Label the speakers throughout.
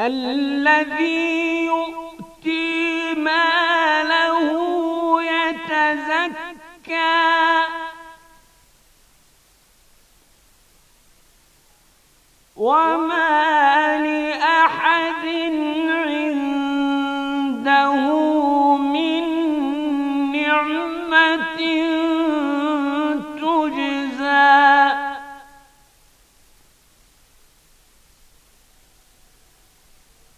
Speaker 1: الذي يؤتي ماله يتزكى وما لأ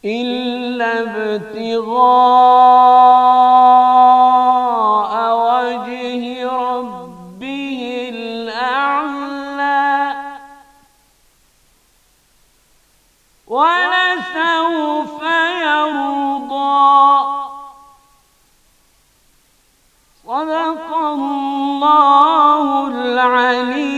Speaker 1: إلا ابتغاء وجه ربه الأعلى ولسوف يرضى صدق الله العليم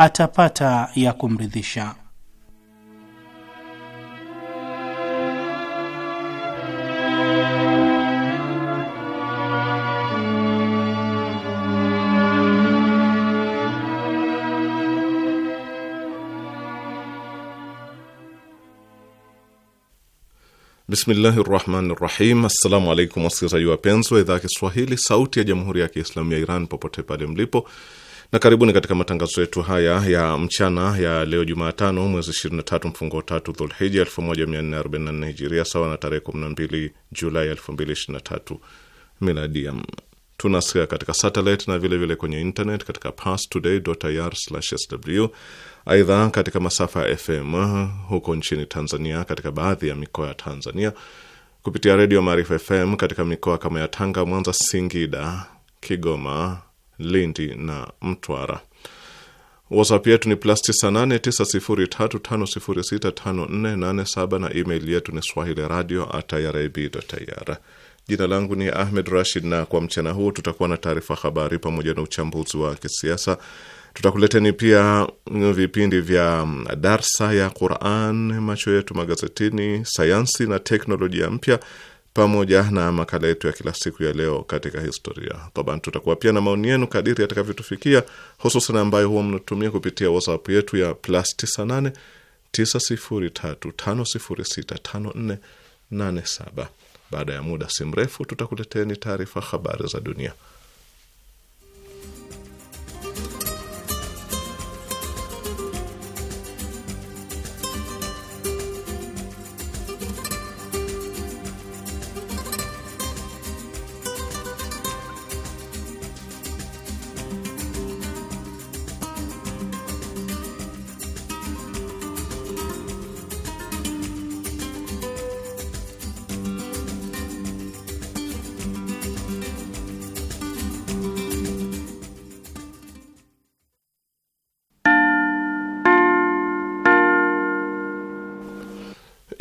Speaker 2: atapata ya kumridhisha.
Speaker 3: Bismillahi rahmani rahim. Assalamu alaikum wasikilizaji wapenzi wa idhaa ya Kiswahili, sauti ya jamhuri ya kiislamu ya Iran, popote pale mlipo na karibuni katika matangazo yetu haya ya mchana ya leo Jumatano, mwezi 23 mfungo tatu Dhulhija 1444 Hijiria, sawa na tarehe 12 Julai 2023 Miladia. Tunasikia katika satelit na vilevile vile kwenye internet katika parstoday.ir/sw. Aidha, katika masafa ya FM huko nchini Tanzania, katika baadhi ya mikoa ya Tanzania kupitia redio Maarifa FM katika mikoa kama ya Tanga, Mwanza, Singida, Kigoma, Lindi na Mtwara. WhatsApp yetu ni plus 989035065487 na email yetu ni swahili radio at irib.ir. Jina langu ni Ahmed Rashid, na kwa mchana huu tutakuwa na taarifa habari pamoja na uchambuzi wa kisiasa. Tutakuleteni pia vipindi vya darsa ya Quran, macho yetu magazetini, sayansi na teknolojia mpya pamoja na makala yetu ya kila siku ya leo katika historia. Taban, tutakuwa pia na maoni yenu kadiri yatakavyotufikia, hususan ambayo huwa mnatumia kupitia WhatsApp yetu ya plus 98 9035065487. Baada ya muda si mrefu tutakuleteni taarifa habari za dunia.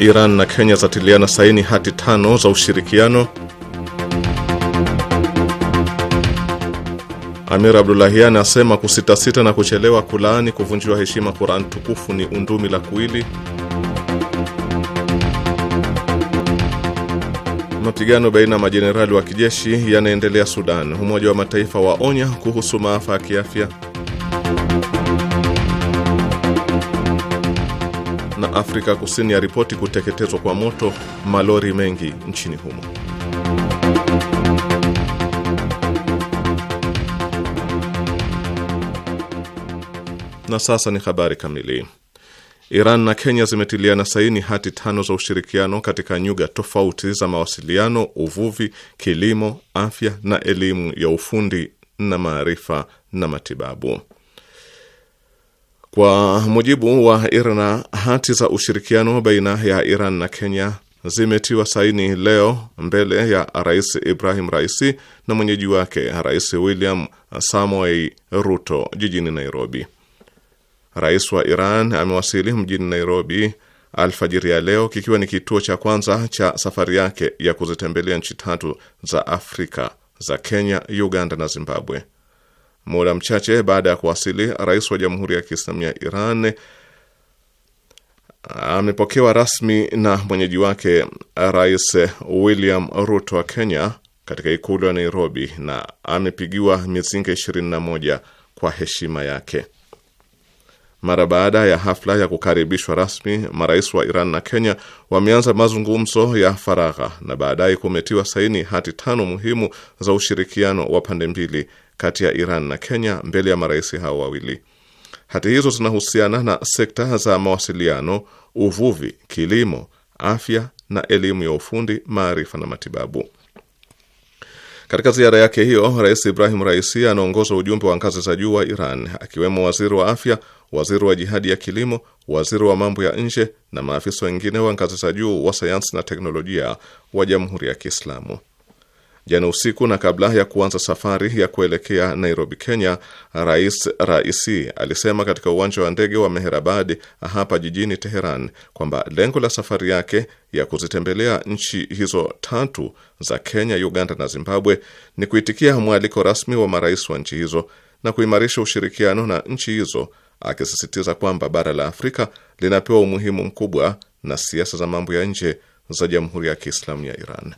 Speaker 3: Iran na Kenya zatiliana saini hati tano za ushirikiano. Amir Abdullahian asema kusitasita na kuchelewa kulaani kuvunjiwa heshima Quran tukufu ni undumi la kuili. Mapigano baina ya majenerali wa kijeshi yanaendelea Sudan. Umoja wa Mataifa waonya kuhusu maafa ya kiafya. na Afrika Kusini yaripoti kuteketezwa kwa moto malori mengi nchini humo. Na sasa ni habari kamili. Iran na Kenya zimetiliana saini hati tano za ushirikiano katika nyuga tofauti za mawasiliano, uvuvi, kilimo, afya na elimu ya ufundi na maarifa na matibabu. Kwa mujibu wa IRNA, hati za ushirikiano baina ya Iran na Kenya zimetiwa saini leo mbele ya Rais Ibrahim Raisi na mwenyeji wake Rais William Samoei Ruto jijini Nairobi. Rais wa Iran amewasili mjini Nairobi alfajiri ya leo, kikiwa ni kituo cha kwanza cha safari yake ya kuzitembelea nchi tatu za Afrika za Kenya, Uganda na Zimbabwe. Muda mchache baada ya kuwasili, rais wa Jamhuri ya Kiislamu ya Iran amepokewa rasmi na mwenyeji wake Rais William Ruto wa Kenya katika ikulu ya Nairobi na amepigiwa mizinga 21 kwa heshima yake. Mara baada ya hafla ya kukaribishwa rasmi, marais wa Iran na Kenya wameanza mazungumzo ya faragha na baadaye kumetiwa saini hati tano muhimu za ushirikiano wa pande mbili kati ya Iran na Kenya mbele ya marais hao wawili. Hati hizo zinahusiana na sekta za mawasiliano, uvuvi, kilimo, afya na elimu ya ufundi, maarifa na matibabu. Katika ziara yake hiyo, Rais Ibrahim Raisi anaongoza ujumbe wa ngazi za juu wa Iran, akiwemo waziri wa afya, waziri wa jihadi ya kilimo, waziri wa mambo ya nje na maafisa wengine wa ngazi za juu wa sayansi na teknolojia wa Jamhuri ya Kiislamu. Jana usiku na kabla ya kuanza safari ya kuelekea Nairobi, Kenya, Rais Raisi alisema katika uwanja wa ndege wa Meherabad hapa jijini Teheran kwamba lengo la safari yake ya kuzitembelea nchi hizo tatu za Kenya, Uganda na Zimbabwe ni kuitikia mwaliko rasmi wa marais wa nchi hizo na kuimarisha ushirikiano na nchi hizo, akisisitiza kwamba bara la Afrika linapewa umuhimu mkubwa na siasa za mambo ya nje za Jamhuri ya Kiislamu ya Iran.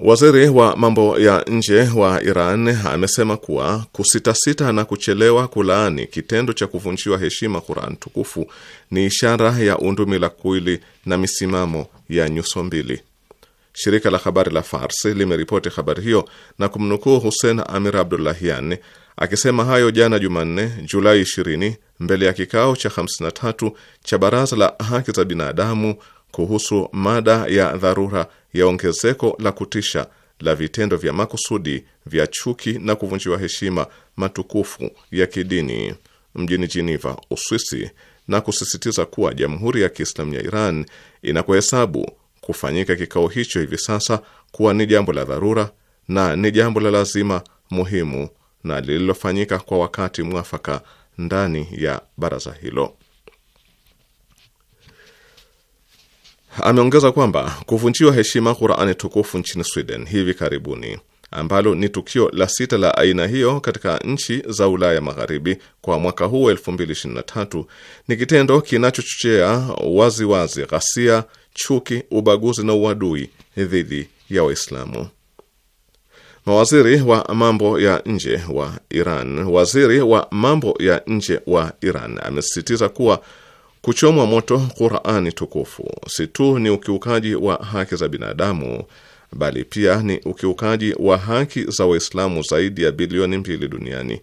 Speaker 3: Waziri wa mambo ya nje wa Iran amesema kuwa kusitasita na kuchelewa kulaani kitendo cha kuvunjiwa heshima Quran tukufu ni ishara ya undumila kuili na misimamo ya nyuso mbili. Shirika la habari la Fars limeripoti habari hiyo na kumnukuu Hussein Amir Abdullahian akisema hayo jana Jumanne, Julai 20 mbele ya kikao cha 53 cha Baraza la Haki za Binadamu kuhusu mada ya dharura ya ongezeko la kutisha la vitendo vya makusudi vya chuki na kuvunjiwa heshima matukufu ya kidini mjini Geneva, Uswisi, na kusisitiza kuwa Jamhuri ya Kiislamu ya Iran inakuhesabu kufanyika kikao hicho hivi sasa kuwa ni jambo la dharura na ni jambo la lazima, muhimu na lililofanyika kwa wakati mwafaka ndani ya baraza hilo. Ameongeza kwamba kuvunjiwa heshima Qurani tukufu nchini Sweden hivi karibuni, ambalo ni tukio la sita la aina hiyo katika nchi za Ulaya Magharibi kwa mwaka huu 2023 ni kitendo kinachochochea waziwazi ghasia, chuki, ubaguzi na uadui dhidi ya Waislamu. Mawaziri wa mambo ya nje wa Iran, waziri wa mambo ya nje wa Iran amesisitiza kuwa Kuchomwa moto Qurani tukufu si tu ni ukiukaji wa haki za binadamu, bali pia ni ukiukaji wa haki za Waislamu zaidi ya bilioni mbili duniani.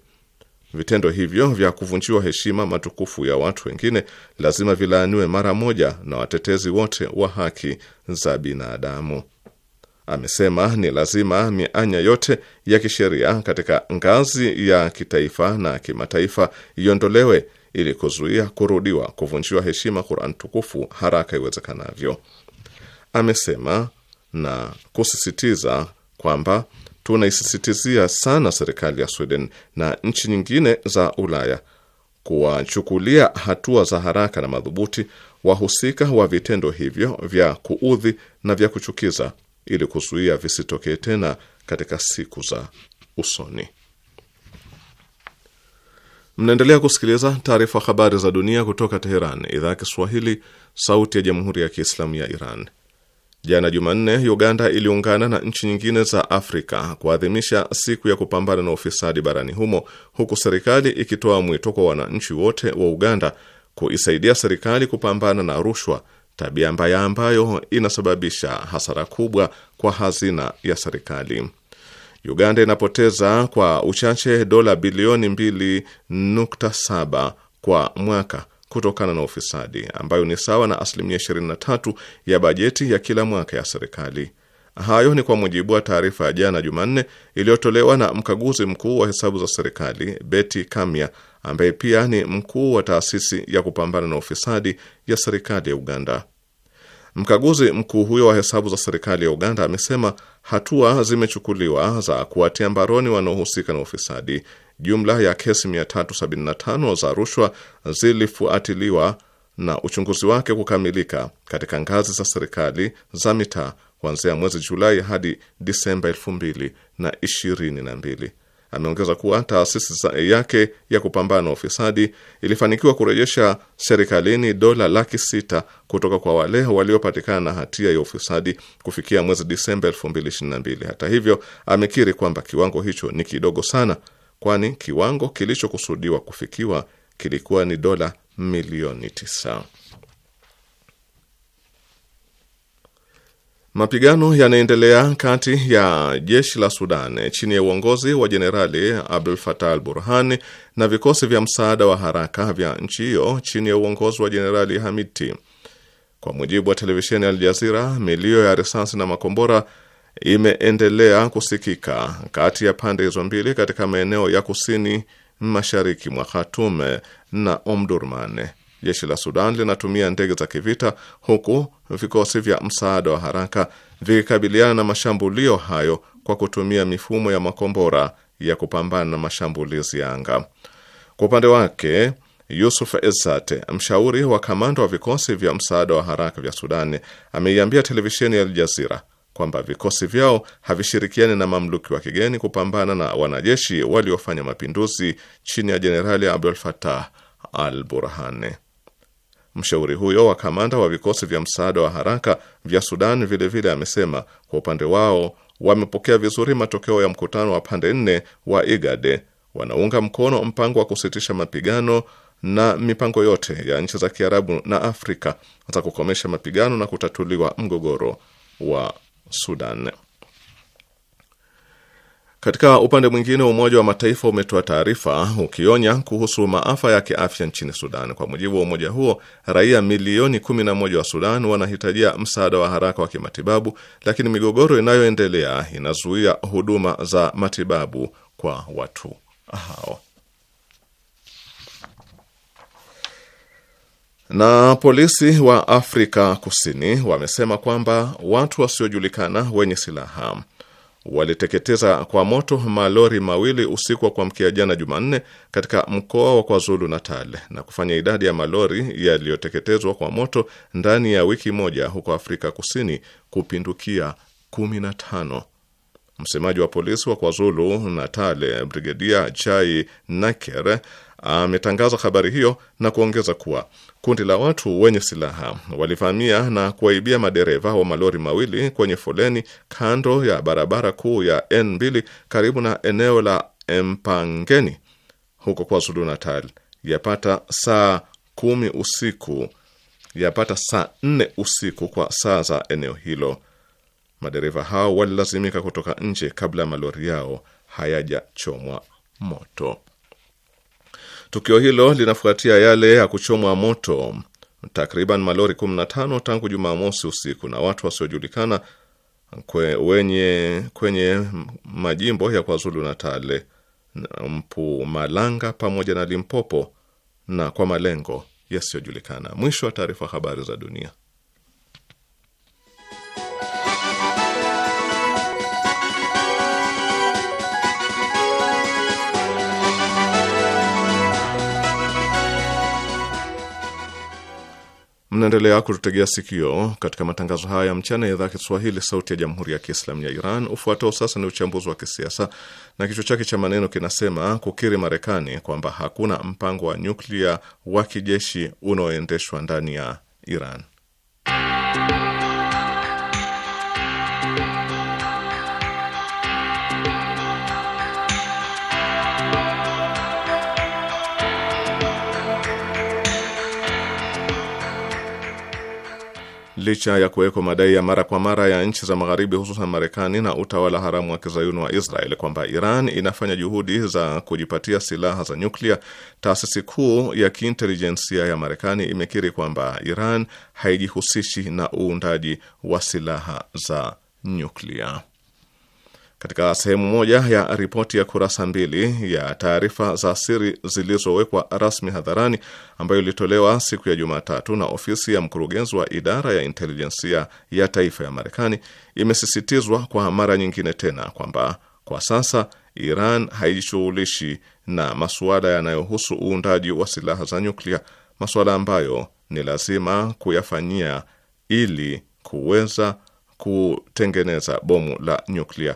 Speaker 3: Vitendo hivyo vya kuvunjiwa heshima matukufu ya watu wengine lazima vilaaniwe mara moja na watetezi wote wa haki za binadamu. Amesema ni lazima mianya yote ya kisheria katika ngazi ya kitaifa na kimataifa iondolewe ili kuzuia kurudiwa kuvunjiwa heshima Quran tukufu haraka iwezekanavyo. Amesema na kusisitiza kwamba tunaisisitizia sana serikali ya Sweden na nchi nyingine za Ulaya kuwachukulia hatua za haraka na madhubuti wahusika wa vitendo hivyo vya kuudhi na vya kuchukiza ili kuzuia visitokee tena katika siku za usoni. Mnaendelea kusikiliza taarifa habari za dunia kutoka Teheran, idhaa ya Kiswahili, sauti ya jamhuri ya kiislamu ya Iran. Jana Jumanne, Uganda iliungana na nchi nyingine za Afrika kuadhimisha siku ya kupambana na ufisadi barani humo, huku serikali ikitoa mwito kwa wananchi wote wa Uganda kuisaidia serikali kupambana na rushwa, tabia mbaya ambayo inasababisha hasara kubwa kwa hazina ya serikali. Uganda inapoteza kwa uchache dola bilioni 2.7 kwa mwaka kutokana na ufisadi, ambayo ni sawa na asilimia 23 ya bajeti ya kila mwaka ya serikali. Hayo ni kwa mujibu wa taarifa ya jana Jumanne iliyotolewa na mkaguzi mkuu wa hesabu za serikali Betty Kamya, ambaye pia ni mkuu wa taasisi ya kupambana na ufisadi ya serikali ya Uganda. Mkaguzi mkuu huyo wa hesabu za serikali ya Uganda amesema hatua zimechukuliwa za kuwatia mbaroni wanaohusika na ufisadi. Jumla ya kesi 375 za rushwa zilifuatiliwa na uchunguzi wake kukamilika katika ngazi za serikali za mitaa kuanzia mwezi Julai hadi Disemba 2022. Ameongeza kuwa taasisi yake ya kupambana na ufisadi ilifanikiwa kurejesha serikalini dola laki sita kutoka kwa wale waliopatikana na hatia ya ufisadi kufikia mwezi Disemba mbili. Hata hivyo, amekiri kwamba kiwango hicho ni kidogo sana, kwani kiwango kilichokusudiwa kufikiwa kilikuwa ni dola milioni tisa. Mapigano yanaendelea kati ya jeshi la Sudan chini ya uongozi wa Jenerali Abdul Fatah al Burhan na vikosi vya msaada wa haraka vya nchi hiyo chini ya uongozi wa Jenerali Hamiti. Kwa mujibu wa televisheni Al Jazira, milio ya risasi na makombora imeendelea kusikika kati ya pande hizo mbili katika maeneo ya kusini mashariki mwa Khartoum na Omdurman. Jeshi la Sudan linatumia ndege za kivita, huku vikosi vya msaada wa haraka vikikabiliana na mashambulio hayo kwa kutumia mifumo ya makombora ya kupambana na mashambulizi ya anga. Kwa upande wake Yusuf Ezat, mshauri wa kamanda wa vikosi vya msaada wa haraka vya Sudani, ameiambia televisheni ya Aljazira kwamba vikosi vyao havishirikiani na mamluki wa kigeni kupambana na wanajeshi waliofanya mapinduzi chini ya Jenerali Abdul Fatah al Burhani. Mshauri huyo wa kamanda wa vikosi vya msaada wa haraka vya Sudan vilevile amesema kwa upande wao wamepokea vizuri matokeo ya mkutano wa pande nne wa IGAD. Wanaunga mkono mpango wa kusitisha mapigano na mipango yote ya nchi za Kiarabu na Afrika za kukomesha mapigano na kutatuliwa mgogoro wa Sudan. Katika upande mwingine, Umoja wa Mataifa umetoa taarifa ukionya kuhusu maafa ya kiafya nchini Sudan. Kwa mujibu wa umoja huo, raia milioni 11 wa Sudan wanahitajia msaada wa haraka wa kimatibabu, lakini migogoro inayoendelea inazuia huduma za matibabu kwa watu hao. Na polisi wa Afrika Kusini wamesema kwamba watu wasiojulikana wenye silaha waliteketeza kwa moto malori mawili usiku wa kuamkia jana Jumanne katika mkoa wa KwaZulu Natal na kufanya idadi ya malori yaliyoteketezwa kwa moto ndani ya wiki moja huko Afrika Kusini kupindukia 15. Msemaji wa polisi wa KwaZulu Natal Brigedia Chai Naker ametangaza habari hiyo na kuongeza kuwa kundi la watu wenye silaha walivamia na kuwaibia madereva wa malori mawili kwenye foleni kando ya barabara kuu ya N2 karibu na eneo la Empangeni huko KwaZulu Natal yapata saa kumi usiku yapata saa nne usiku kwa saa za eneo hilo. Madereva hao walilazimika kutoka nje kabla ya malori yao hayajachomwa moto. Tukio hilo linafuatia yale ya kuchomwa moto takriban malori 15 tangu Jumamosi usiku na watu wasiojulikana kwe, wenye kwenye majimbo ya KwaZulu Natal, Mpumalanga pamoja na Limpopo na kwa malengo yasiyojulikana. Mwisho wa taarifa. Habari za dunia. Mnaendelea kututegea sikio katika matangazo haya ya mchana ya idhaa Kiswahili, sauti ya jamhuri ya kiislamu ya Iran. Ufuatao sasa ni uchambuzi wa kisiasa na kichwa chake cha maneno kinasema kukiri Marekani kwamba hakuna mpango wa nyuklia wa kijeshi unaoendeshwa ndani ya Iran. licha ya kuwekwa madai ya mara kwa mara ya nchi za Magharibi, hususan Marekani na utawala haramu wa kizayuni wa Israel kwamba Iran inafanya juhudi za kujipatia silaha za nyuklia, taasisi kuu ya kiintelijensia ya Marekani imekiri kwamba Iran haijihusishi na uundaji wa silaha za nyuklia. Katika sehemu moja ya ripoti ya kurasa mbili ya taarifa za siri zilizowekwa rasmi hadharani ambayo ilitolewa siku ya Jumatatu na ofisi ya mkurugenzi wa idara ya intelijensia ya taifa ya Marekani, imesisitizwa kwa mara nyingine tena kwamba kwa sasa Iran haijishughulishi na masuala yanayohusu uundaji wa silaha za nyuklia, masuala ambayo ni lazima kuyafanyia ili kuweza kutengeneza bomu la nyuklia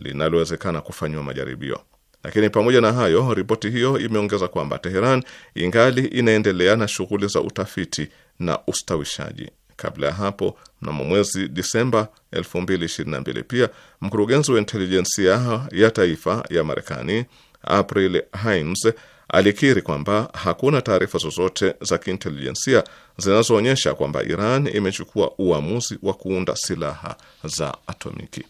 Speaker 3: linalowezekana kufanyiwa majaribio. Lakini pamoja na hayo, ripoti hiyo imeongeza kwamba Teheran ingali inaendelea na shughuli za utafiti na ustawishaji. Kabla ya hapo, mnamo mwezi Disemba 2022 pia mkurugenzi wa intelijensia ya taifa ya Marekani April Hines alikiri kwamba hakuna taarifa zozote za kiintelijensia zinazoonyesha kwamba Iran imechukua uamuzi wa kuunda silaha za atomiki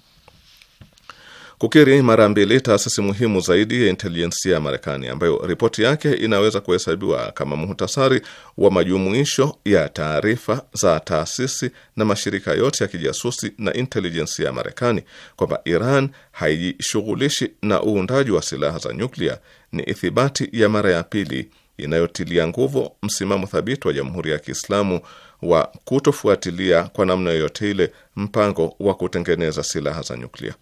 Speaker 3: kukiri mara mbili taasisi muhimu zaidi ya intelijensia ya Marekani, ambayo ripoti yake inaweza kuhesabiwa kama muhtasari wa majumuisho ya taarifa za taasisi na mashirika yote ya kijasusi na intelijensia ya Marekani, kwamba Iran haijishughulishi na uundaji wa silaha za nyuklia, ni ithibati ya mara ya pili inayotilia nguvu msimamo thabiti wa Jamhuri ya Kiislamu wa kutofuatilia kwa namna yoyote ile mpango wa kutengeneza silaha za nyuklia.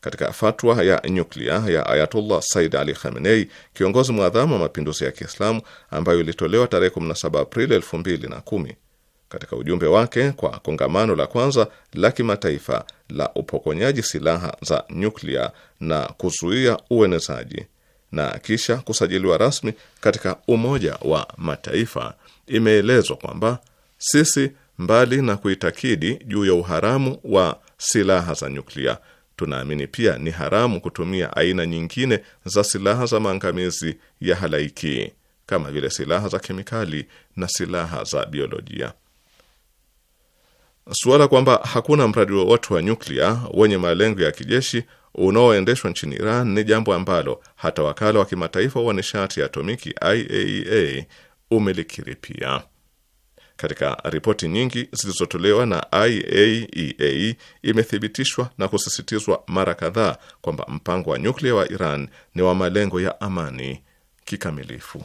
Speaker 3: Katika fatwa ya nyuklia ya Ayatullah Said Ali Khamenei, kiongozi mwadhamu wa mapinduzi ya Kiislamu, ambayo ilitolewa tarehe 17 Aprili 2010, katika ujumbe wake kwa kongamano la kwanza la kimataifa la upokonyaji silaha za nyuklia na kuzuia uenezaji na kisha kusajiliwa rasmi katika Umoja wa Mataifa, imeelezwa kwamba sisi, mbali na kuitakidi juu ya uharamu wa silaha za nyuklia Tunaamini pia ni haramu kutumia aina nyingine za silaha za maangamizi ya halaiki kama vile silaha za kemikali na silaha za biolojia. Suala kwamba hakuna mradi wowote wa nyuklia wenye malengo ya kijeshi unaoendeshwa nchini Iran ni jambo ambalo hata wakala wa kimataifa wa nishati ya atomiki IAEA e, umelikiri pia. Katika ripoti nyingi zilizotolewa na IAEA e imethibitishwa na kusisitizwa mara kadhaa kwamba mpango wa nyuklia wa Iran ni wa malengo ya amani kikamilifu.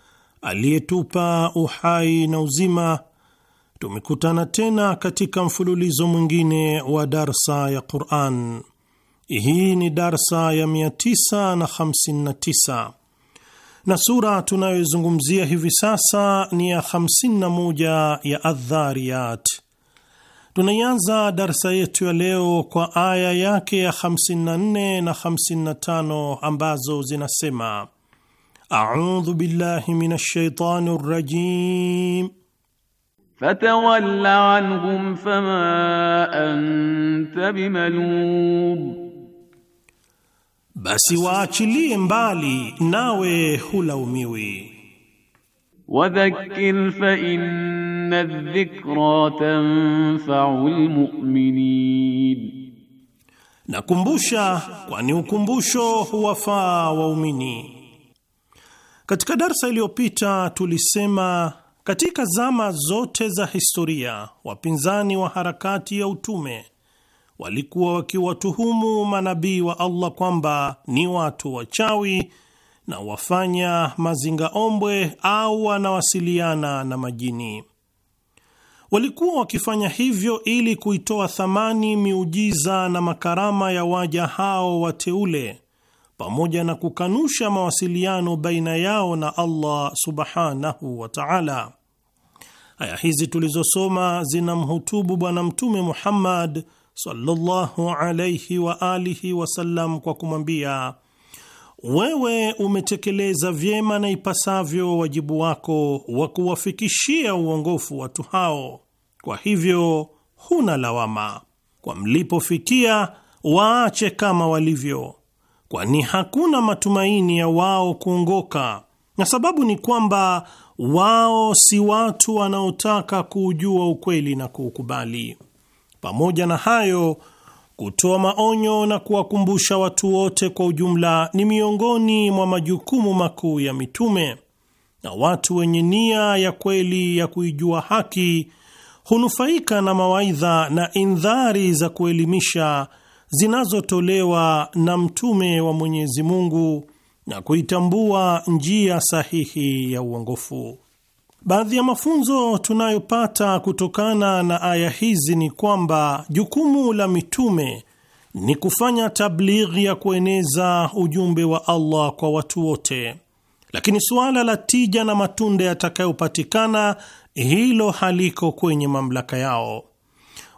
Speaker 4: aliyetupa uhai na uzima, tumekutana tena katika mfululizo mwingine wa darsa ya Quran. Hii ni darsa ya 959 na sura tunayoizungumzia hivi sasa ni ya 51 ya Adhariyat. Tunaianza darsa yetu ya leo kwa aya yake ya 54 na 55 ambazo zinasema A'udhu billahi minash shaitani rrajim.
Speaker 5: Fatawalla anhum fama anta
Speaker 4: bimalum, basi waachilie mbali nawe hulaumiwi. Wadhakkir fa inna
Speaker 5: dhikra tanfa'ul mu'minin
Speaker 4: Nakumbusha kwani ukumbusho huwafaa waumini katika darsa iliyopita tulisema katika zama zote za historia wapinzani wa harakati ya utume walikuwa wakiwatuhumu manabii wa Allah kwamba ni watu wachawi na wafanya mazinga ombwe au wanawasiliana na majini. Walikuwa wakifanya hivyo ili kuitoa thamani miujiza na makarama ya waja hao wateule pamoja na kukanusha mawasiliano baina yao na Allah subhanahu wa ta'ala. Aya hizi tulizosoma zinamhutubu Bwana Mtume Muhammad sallallahu alayhi wa alihi wasallam kwa kumwambia, wewe umetekeleza vyema na ipasavyo wajibu wako wa kuwafikishia uongofu watu hao, kwa hivyo huna lawama. Kwa mlipofikia waache kama walivyo kwani hakuna matumaini ya wao kuongoka, na sababu ni kwamba wao si watu wanaotaka kuujua ukweli na kuukubali. Pamoja na hayo, kutoa maonyo na kuwakumbusha watu wote kwa ujumla ni miongoni mwa majukumu makuu ya mitume, na watu wenye nia ya kweli ya kuijua haki hunufaika na mawaidha na indhari za kuelimisha zinazotolewa na mtume wa Mwenyezi Mungu na kuitambua njia sahihi ya uongofu. Baadhi ya mafunzo tunayopata kutokana na aya hizi ni kwamba jukumu la mitume ni kufanya tablighi ya kueneza ujumbe wa Allah kwa watu wote, lakini suala la tija na matunda yatakayopatikana hilo haliko kwenye mamlaka yao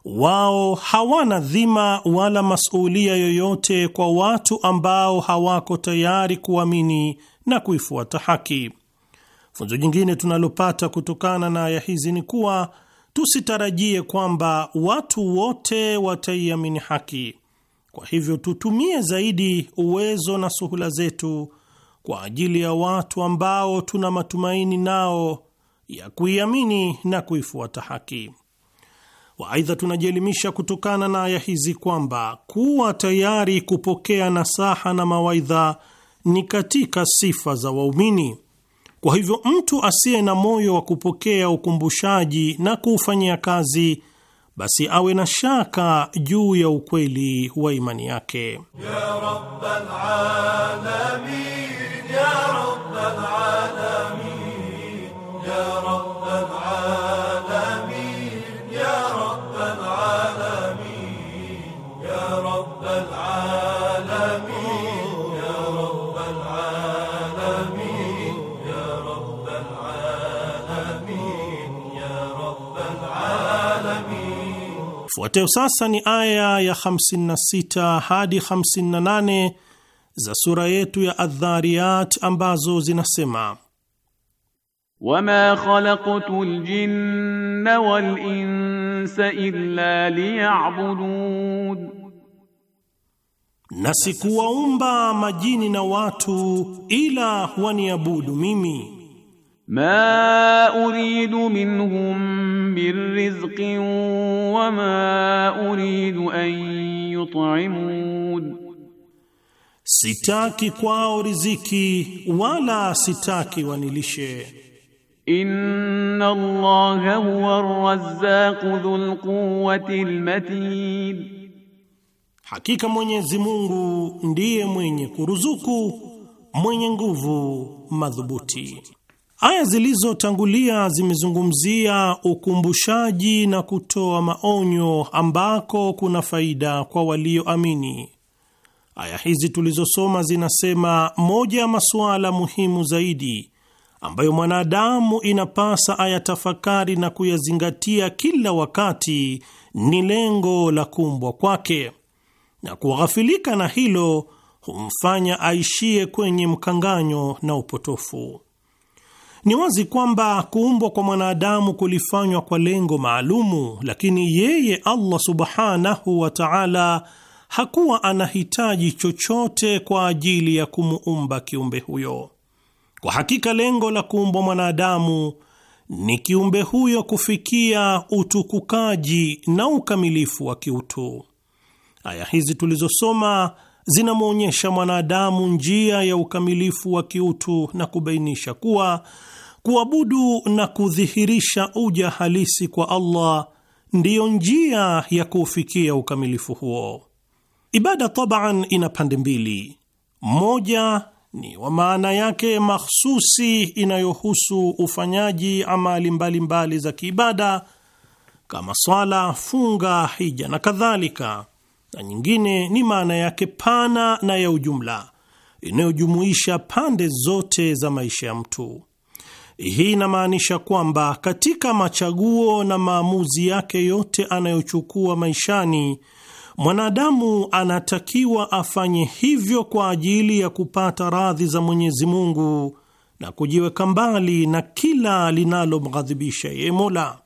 Speaker 4: wao hawana dhima wala masulia yoyote kwa watu ambao hawako tayari kuamini na kuifuata haki. Funzo jingine tunalopata kutokana na aya hizi ni kuwa tusitarajie kwamba watu wote wataiamini haki. Kwa hivyo tutumie zaidi uwezo na suhula zetu kwa ajili ya watu ambao tuna matumaini nao ya kuiamini na kuifuata haki. Waaidha, tunajielimisha kutokana na aya hizi kwamba kuwa tayari kupokea nasaha na mawaidha ni katika sifa za waumini. Kwa hivyo, mtu asiye na moyo wa kupokea ukumbushaji na kuufanyia kazi, basi awe na shaka juu ya ukweli wa imani yake ya Ifuatayo sasa ni aya ya 56 hadi 58 za sura yetu ya Adhariyat ambazo zinasema wama khalaqtu aljinna
Speaker 5: wal insa illa liya'budun,
Speaker 4: na sikuwaumba majini na watu ila waniabudu mimi ما أريد منهم
Speaker 5: من رزق وما أريد أن يطعمون sitaki kwao riziki wala sitaki wanilishe. Inna Allaha huwa
Speaker 4: ar-razzaqu dhul quwwati al-matin, hakika Mwenyezi Mungu ndiye mwenye kuruzuku mwenye nguvu madhubuti. Aya zilizotangulia zimezungumzia ukumbushaji na kutoa maonyo ambako kuna faida kwa walioamini. Aya hizi tulizosoma zinasema moja ya masuala muhimu zaidi ambayo mwanadamu inapasa ayatafakari na kuyazingatia kila wakati ni lengo la kumbwa kwake, na kughafilika na hilo humfanya aishie kwenye mkanganyo na upotofu. Ni wazi kwamba kuumbwa kwa mwanadamu kulifanywa kwa lengo maalumu, lakini yeye Allah subhanahu wa ta'ala hakuwa anahitaji chochote kwa ajili ya kumuumba kiumbe huyo. Kwa hakika lengo la kuumbwa mwanadamu ni kiumbe huyo kufikia utukukaji na ukamilifu wa kiutu. Aya hizi tulizosoma zinamwonyesha mwanadamu njia ya ukamilifu wa kiutu na kubainisha kuwa Kuabudu na kudhihirisha uja halisi kwa Allah ndiyo njia ya kufikia ukamilifu huo. Ibada taban ina pande mbili, moja ni wa maana yake mahsusi inayohusu ufanyaji amali mbalimbali mbali za kiibada kama swala, funga, hija na kadhalika, na nyingine ni maana yake pana na ya ujumla inayojumuisha pande zote za maisha ya mtu. Hii inamaanisha kwamba katika machaguo na maamuzi yake yote anayochukua maishani, mwanadamu anatakiwa afanye hivyo kwa ajili ya kupata radhi za Mwenyezi Mungu na kujiweka mbali na kila linalomghadhibisha ye Mola.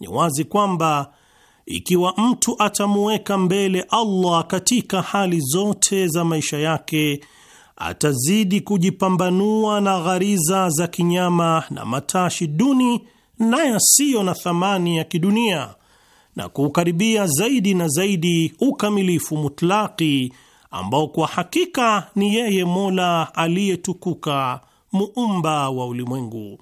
Speaker 4: Ni wazi kwamba ikiwa mtu atamuweka mbele Allah katika hali zote za maisha yake atazidi kujipambanua na ghariza za kinyama na matashi duni na yasiyo na thamani ya kidunia na kuukaribia zaidi na zaidi ukamilifu mutlaki ambao kwa hakika ni yeye Mola aliyetukuka muumba wa ulimwengu.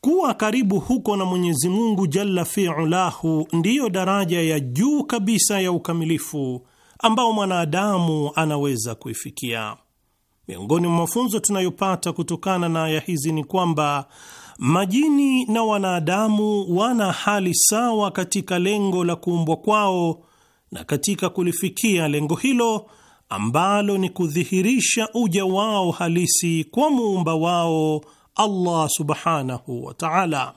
Speaker 4: Kuwa karibu huko na Mwenyezi Mungu jalla fiulahu ndiyo daraja ya juu kabisa ya ukamilifu ambao mwanadamu anaweza kuifikia. Miongoni mwa mafunzo tunayopata kutokana na aya hizi ni kwamba majini na wanadamu wana hali sawa katika lengo la kuumbwa kwao na katika kulifikia lengo hilo ambalo ni kudhihirisha uja wao halisi kwa muumba wao Allah subhanahu wa ta'ala.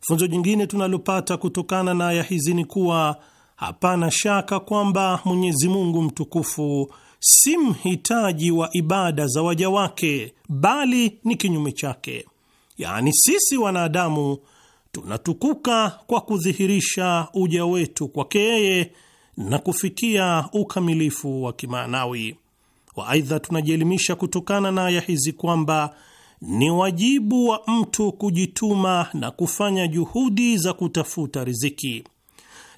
Speaker 4: Funzo jingine tunalopata kutokana na aya hizi ni kuwa hapana shaka kwamba Mwenyezi Mungu mtukufu si mhitaji wa ibada za waja wake, bali ni kinyume chake, yaani sisi wanadamu tunatukuka kwa kudhihirisha uja wetu kwake yeye na kufikia ukamilifu wa kimaanawi. wa aidha tunajielimisha kutokana na aya hizi kwamba ni wajibu wa mtu kujituma na kufanya juhudi za kutafuta riziki,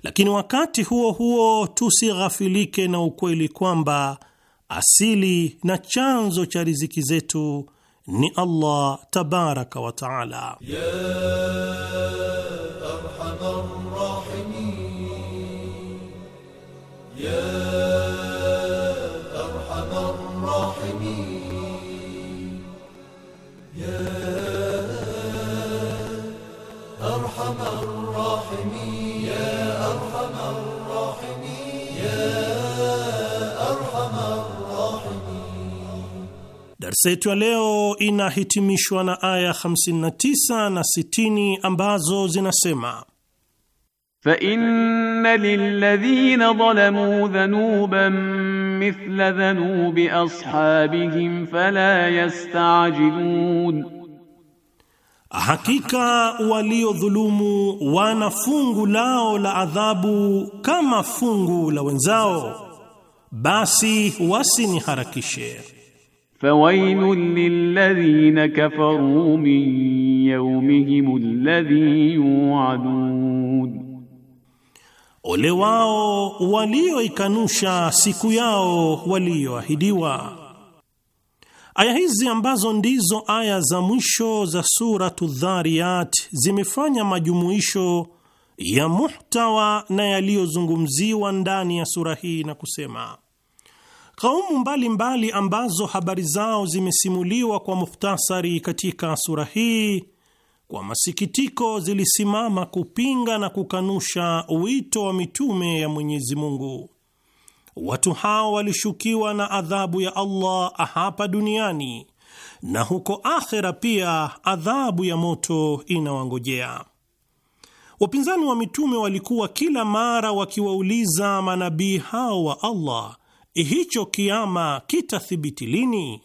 Speaker 4: lakini wakati huo huo tusighafilike na ukweli kwamba asili na chanzo cha riziki zetu ni Allah tabaraka wa taala. ya Darsa yetu ya leo inahitimishwa na aya 59 na 60 ambazo zinasema fa inna lilladhina dhalamu dhanuban
Speaker 5: mithla dhanubi ashabihim fala yasta'jilun,
Speaker 4: hakika waliodhulumu wana fungu lao la adhabu kama fungu la wenzao, basi wasiniharakishe. فويل للذين
Speaker 5: كفروا من يومهم الذي يوعدون
Speaker 4: Ole wao walioikanusha siku yao walioahidiwa. Aya hizi ambazo ndizo aya za mwisho za Suratu Dhariyat zimefanya majumuisho ya muhtawa na yaliyozungumziwa ndani ya sura hii na kusema Kaumu mbalimbali mbali ambazo habari zao zimesimuliwa kwa muhtasari katika sura hii, kwa masikitiko zilisimama kupinga na kukanusha wito wa mitume ya Mwenyezi Mungu. Watu hao walishukiwa na adhabu ya Allah hapa duniani na huko akhera pia adhabu ya moto inawangojea. Wapinzani wa mitume walikuwa kila mara wakiwauliza manabii hao wa Allah hicho kiama kitathibiti lini?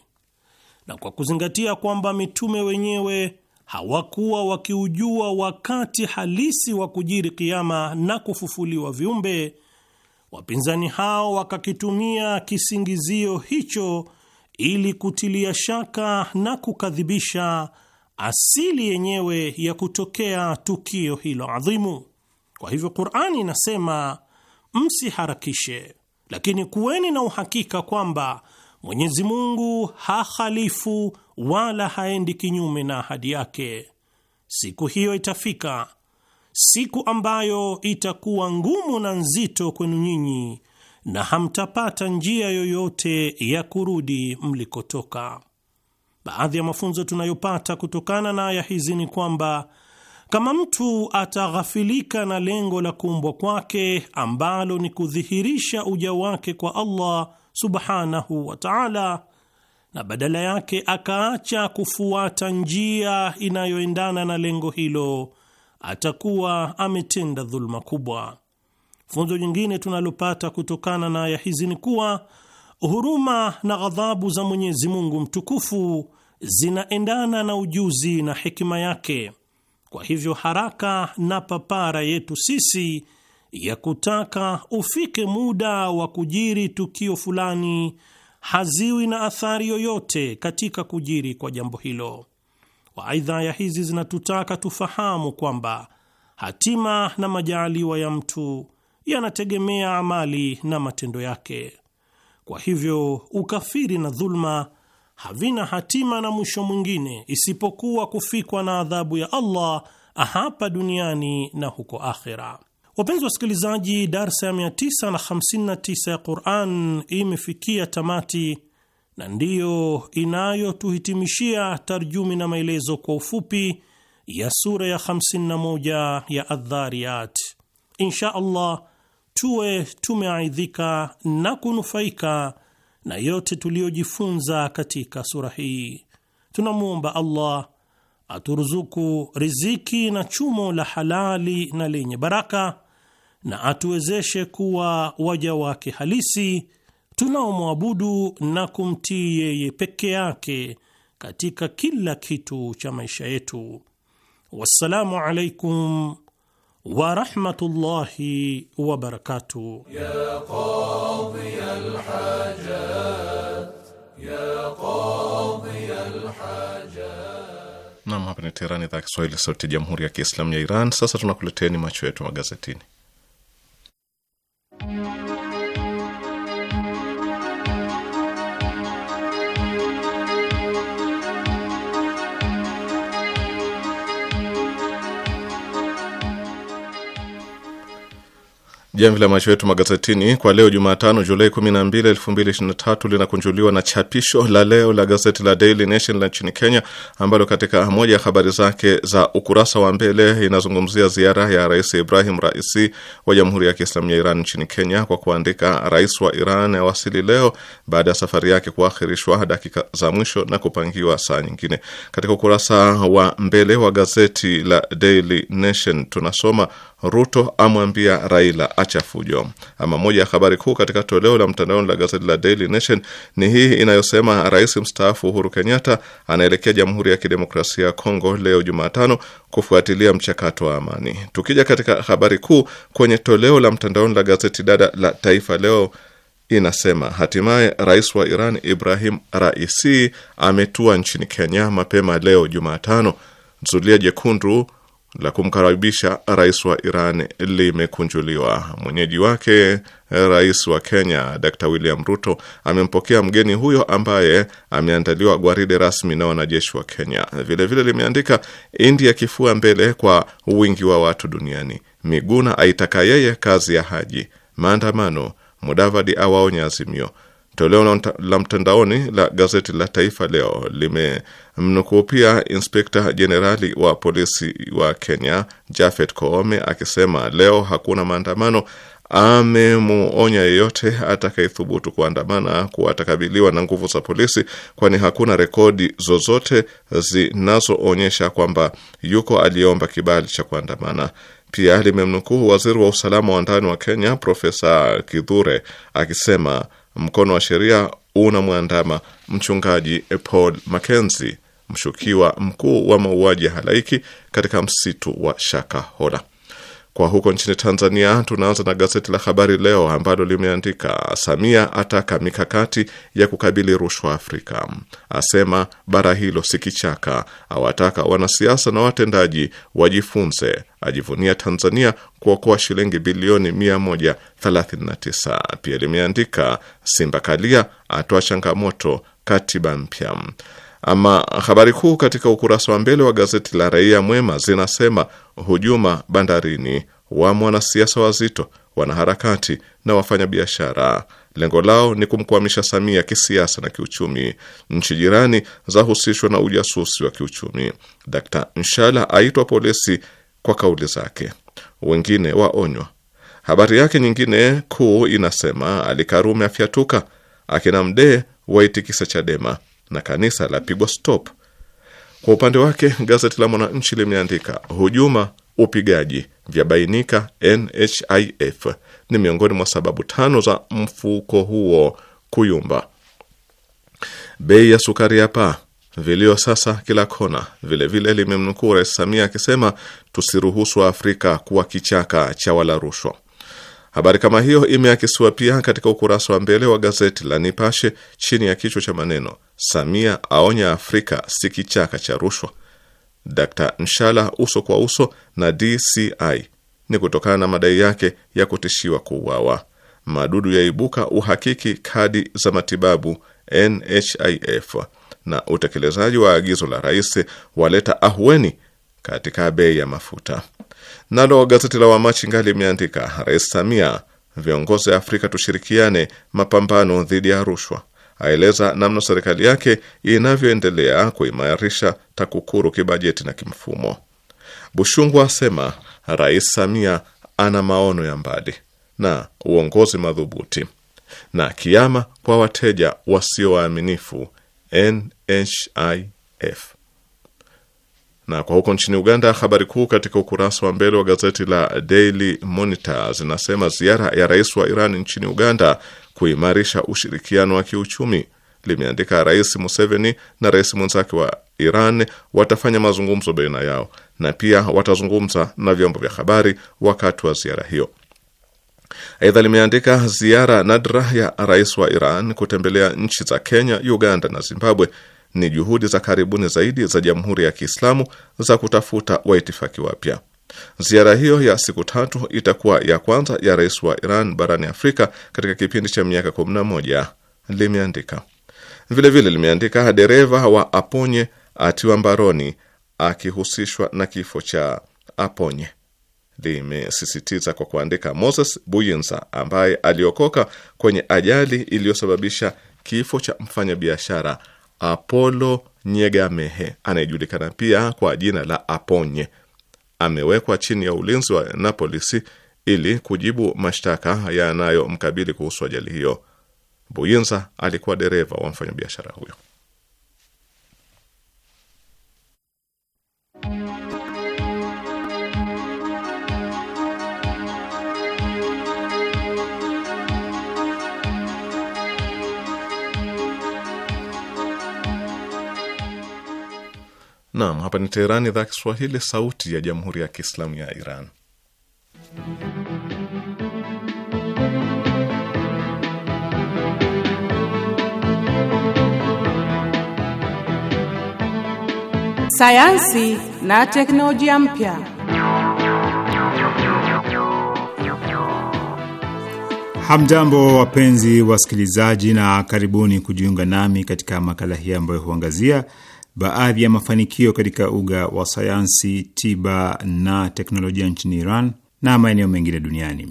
Speaker 4: Na kwa kuzingatia kwamba mitume wenyewe hawakuwa wakiujua wakati halisi wa kujiri kiama na kufufuliwa viumbe, wapinzani hao wakakitumia kisingizio hicho ili kutilia shaka na kukadhibisha asili yenyewe ya kutokea tukio hilo adhimu. Kwa hivyo Qur'ani inasema msiharakishe lakini kuweni na uhakika kwamba Mwenyezi Mungu hahalifu wala haendi kinyume na ahadi yake. Siku hiyo itafika, siku ambayo itakuwa ngumu na nzito kwenu nyinyi na hamtapata njia yoyote ya kurudi mlikotoka. Baadhi ya mafunzo tunayopata kutokana na aya hizi ni kwamba kama mtu ataghafilika na lengo la kuumbwa kwake ambalo ni kudhihirisha uja wake kwa Allah subhanahu wa ta'ala, na badala yake akaacha kufuata njia inayoendana na lengo hilo, atakuwa ametenda dhuluma kubwa. Funzo jingine tunalopata kutokana na aya hizi ni kuwa huruma na ghadhabu za Mwenyezi Mungu mtukufu zinaendana na ujuzi na hekima yake kwa hivyo haraka na papara yetu sisi ya kutaka ufike muda wa kujiri tukio fulani haziwi na athari yoyote katika kujiri kwa jambo hilo. waaidha ya hizi zinatutaka tufahamu kwamba hatima na majaaliwa ya mtu yanategemea amali na matendo yake. Kwa hivyo ukafiri na dhuluma havina hatima na mwisho mwingine isipokuwa kufikwa na adhabu ya Allah hapa duniani na huko akhera. Wapenzi wasikilizaji, darsa ya 959 ya Quran imefikia tamati na ndiyo inayotuhitimishia tarjumi na maelezo kwa ufupi ya sura ya 51 ya Adhariyat. Insha Allah tuwe tumeaidhika na kunufaika na yote tuliyojifunza katika sura hii. Tunamwomba Allah aturuzuku riziki na chumo la halali na lenye baraka na atuwezeshe kuwa waja wake halisi tunaomwabudu na kumtii yeye peke yake katika kila kitu cha maisha yetu. Wassalamu alaikum wa rahmatullahi wa barakatuh.
Speaker 3: hapa ni Teherani, idhaa ya Kiswahili, sauti ya Jamhuri ya Kiislamu ya Iran. Sasa tunakuleteni macho yetu magazetini. Jamvi la macho yetu magazetini kwa leo Jumatano, Julai 12, 2023 linakunjuliwa na chapisho la leo la gazeti la Daily Nation la nchini Kenya, ambalo katika moja ya habari zake za ukurasa wa mbele inazungumzia ziara ya Rais Ibrahim Raisi wa Jamhuri ya Kiislamu ya Iran nchini Kenya kwa kuandika, rais wa Iran awasili leo baada ya safari yake kuahirishwa dakika za mwisho na kupangiwa saa nyingine. Katika ukurasa wa mbele wa gazeti la Daily Nation tunasoma Ruto amwambia Raila acha fujo. Ama moja ya habari kuu katika toleo la mtandaoni la gazeti la Daily Nation ni hii inayosema rais mstaafu Uhuru Kenyatta anaelekea Jamhuri ya Kidemokrasia ya Kongo leo Jumatano kufuatilia mchakato wa amani. Tukija katika habari kuu kwenye toleo la mtandaoni la gazeti dada la Taifa Leo inasema hatimaye rais wa Iran Ibrahim Raisi ametua nchini Kenya mapema leo Jumatano. Zulia jekundu la kumkaribisha rais wa Iran limekunjuliwa. Mwenyeji wake rais wa Kenya Dr William Ruto amempokea mgeni huyo ambaye ameandaliwa gwaride rasmi na wanajeshi wa Kenya. Vilevile limeandika India kifua mbele kwa wingi wa watu duniani. Miguna aitaka yeye kazi ya haji. Maandamano. Mudavadi awaonya Azimio. Toleo la mtandaoni la gazeti la Taifa Leo limemnukuu pia inspekta jenerali wa polisi wa Kenya Jafet Koome akisema leo hakuna maandamano. Amemuonya yeyote atakayethubutu kuandamana kuwa atakabiliwa na nguvu za polisi, kwani hakuna rekodi zozote zinazoonyesha kwamba yuko aliyeomba kibali cha kuandamana. Pia limemnukuu waziri wa usalama wa ndani wa Kenya Profesa Kithure akisema Mkono wa sheria unamwandama mchungaji Paul Mackenzie, mshukiwa mkuu wa mauaji ya halaiki katika msitu wa Shakahola. Kwa huko nchini Tanzania, tunaanza na gazeti la Habari Leo ambalo limeandika Samia ataka mikakati ya kukabili rushwa Afrika, asema bara hilo si kichaka, awataka wanasiasa na watendaji wajifunze, ajivunia Tanzania kuokoa shilingi bilioni 139. Pia limeandika Simba Kalia atoa changamoto katiba mpya ama habari kuu katika ukurasa wa mbele wa gazeti la Raia Mwema zinasema hujuma bandarini, wamo wanasiasa wazito, wanaharakati na wafanyabiashara. Lengo lao ni kumkwamisha Samia kisiasa na kiuchumi. Nchi jirani zahusishwa na ujasusi wa kiuchumi. Dkt Nshala aitwa polisi kwa kauli zake, wengine waonywa. Habari yake nyingine kuu inasema Alikarume afyatuka, akina Mdee waitikisa Chadema na kanisa pigwa stop. Kwa upande wake gazeti la Mwananchi limeandika hujuma upigaji vyabainika NHIF ni miongoni mwa sababu tano za mfuko huo kuyumba. Bei ya sukari ya paa, vilio sasa kila kona. Vilevile limemnukuu Rais Samia akisema tusiruhusu Afrika kuwa kichaka cha wala rushwa. Habari kama hiyo imeakisiwa pia katika ukurasa wa mbele wa gazeti la Nipashe chini ya kichwa cha maneno, Samia aonya Afrika si kichaka cha rushwa, d Nshala uso kwa uso na DCI ni kutokana na madai yake ya kutishiwa kuuawa. Madudu yaibuka uhakiki kadi za matibabu NHIF na utekelezaji wa agizo la rais waleta ahueni katika bei ya mafuta. Nalo gazeti la Wamachinga limeandika Rais Samia, viongozi wa Afrika tushirikiane mapambano dhidi ya rushwa, aeleza namna serikali yake inavyoendelea kuimarisha TAKUKURU kibajeti na kimfumo. Bushungwa asema Rais Samia ana maono ya mbali na uongozi madhubuti, na kiama kwa wateja wasio waaminifu NHIF. Na kwa huko nchini Uganda, habari kuu katika ukurasa wa mbele wa gazeti la Daily Monitor zinasema ziara ya rais wa Iran nchini Uganda kuimarisha ushirikiano wa kiuchumi. Limeandika Rais Museveni na rais mwenzake wa Iran watafanya mazungumzo baina yao na pia watazungumza na vyombo vya habari wakati wa ziara hiyo. Aidha, limeandika ziara nadra ya rais wa Iran kutembelea nchi za Kenya, Uganda na Zimbabwe ni juhudi za karibuni zaidi za Jamhuri ya Kiislamu za kutafuta waitifaki wapya. Ziara hiyo ya siku tatu itakuwa ya kwanza ya rais wa Iran barani Afrika katika kipindi cha miaka 11, limeandika. Vilevile limeandika dereva wa Aponye atiwa mbaroni akihusishwa na kifo cha Aponye. Limesisitiza kwa kuandika, Moses Buyinza ambaye aliokoka kwenye ajali iliyosababisha kifo cha mfanyabiashara Apollo Nyegamehe anayejulikana pia kwa jina la Aponye amewekwa chini ya ulinzi wa Napolisi ili kujibu mashtaka yanayomkabili kuhusu ajali hiyo. Buyinza alikuwa dereva wa mfanyabiashara huyo. Naam, hapa ni Teherani, idhaa Kiswahili, sauti ya jamhuri ya kiislamu ya Iran.
Speaker 2: Sayansi na teknolojia mpya.
Speaker 6: Hamjambo, wapenzi wasikilizaji, na karibuni kujiunga nami katika makala hii ambayo huangazia baadhi ya mafanikio katika uga wa sayansi, tiba na teknolojia nchini Iran na maeneo mengine duniani.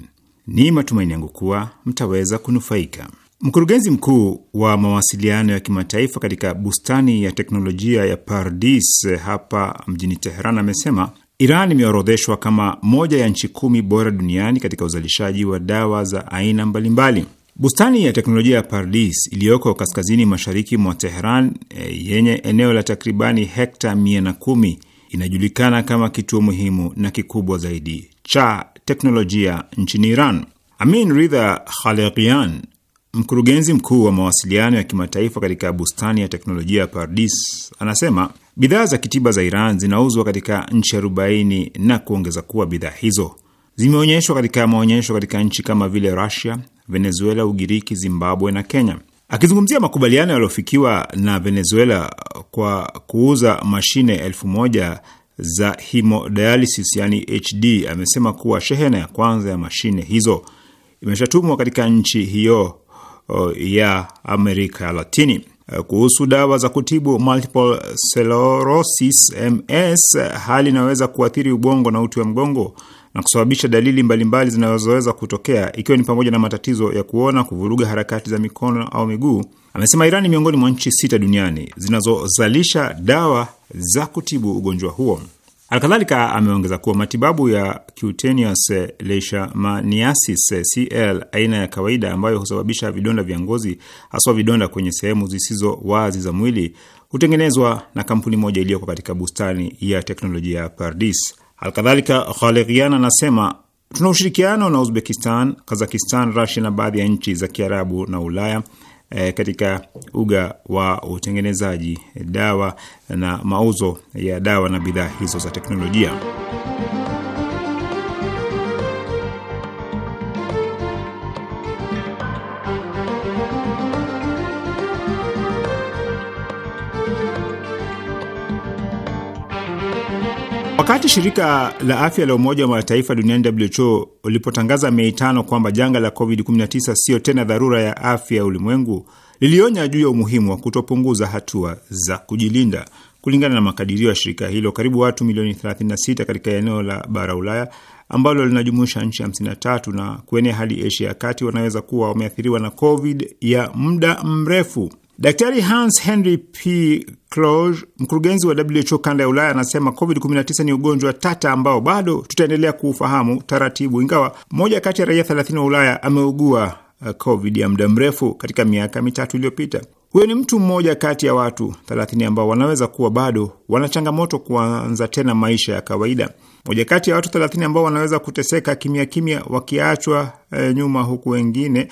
Speaker 6: Ni matumaini yangu kuwa mtaweza kunufaika. Mkurugenzi mkuu wa mawasiliano ya kimataifa katika bustani ya teknolojia ya Pardis hapa mjini Teheran amesema Iran imeorodheshwa kama moja ya nchi kumi bora duniani katika uzalishaji wa dawa za aina mbalimbali. Bustani ya teknolojia ya Pardis iliyoko kaskazini mashariki mwa Teheran e, yenye eneo la takribani hekta 110 inajulikana kama kituo muhimu na kikubwa zaidi cha teknolojia nchini Iran. Amin Ridha Khalekian, mkurugenzi mkuu wa mawasiliano ya kimataifa katika bustani ya teknolojia ya Pardis, anasema bidhaa za kitiba za Iran zinauzwa katika nchi arobaini na kuongeza kuwa bidhaa hizo zimeonyeshwa katika maonyesho katika nchi kama vile Rusia, Venezuela, Ugiriki, Zimbabwe na Kenya. Akizungumzia makubaliano yaliyofikiwa na Venezuela kwa kuuza mashine elfu moja za hemodialysis yani HD, amesema kuwa shehena ya kwanza ya mashine hizo imeshatumwa katika nchi hiyo ya Amerika Latini. Kuhusu dawa za kutibu multiple sclerosis MS, hali inaweza kuathiri ubongo na uti wa mgongo na kusababisha dalili mbalimbali zinazoweza kutokea ikiwa ni pamoja na matatizo ya kuona, kuvuruga harakati za mikono au miguu. Amesema Iran ni miongoni mwa nchi sita duniani zinazozalisha dawa za kutibu ugonjwa huo. Alkadhalika ameongeza kuwa matibabu ya cutaneous leishmaniasis CL aina ya kawaida ambayo husababisha vidonda vya ngozi, haswa vidonda kwenye sehemu zisizo wazi za mwili, hutengenezwa na kampuni moja iliyoko katika bustani ya teknolojia ya Pardis. Alkadhalika, Khaligian anasema tuna ushirikiano na Uzbekistan, Kazakistan, Rusia na baadhi ya nchi za Kiarabu na Ulaya e, katika uga wa utengenezaji dawa na mauzo ya dawa na bidhaa hizo za teknolojia. Wakati shirika la afya la Umoja wa Mataifa duniani WHO ulipotangaza Mei tano kwamba janga la COVID-19 siyo tena dharura ya afya ya ulimwengu, lilionya juu ya umuhimu wa kutopunguza hatua za kujilinda. Kulingana na makadirio ya shirika hilo, karibu watu milioni 36 katika eneo la bara Ulaya ambalo linajumuisha nchi 53 na kuenea hadi Asia ya kati wanaweza kuwa wameathiriwa na COVID ya muda mrefu. Daktari Hans Henry P Kluge, mkurugenzi wa WHO kanda ya Ulaya, anasema COVID-19 ni ugonjwa tata ambao bado tutaendelea kuufahamu taratibu, ingawa mmoja kati ya raia 30 wa Ulaya ameugua eh, COVID ya muda mrefu katika miaka mitatu iliyopita. Huyo ni mtu mmoja kati ya watu 30 ambao wanaweza kuwa bado wana changamoto kuanza tena maisha ya kawaida. Moja kati ya watu 30 ambao wanaweza kuteseka kimya kimya wakiachwa e, nyuma huku wengine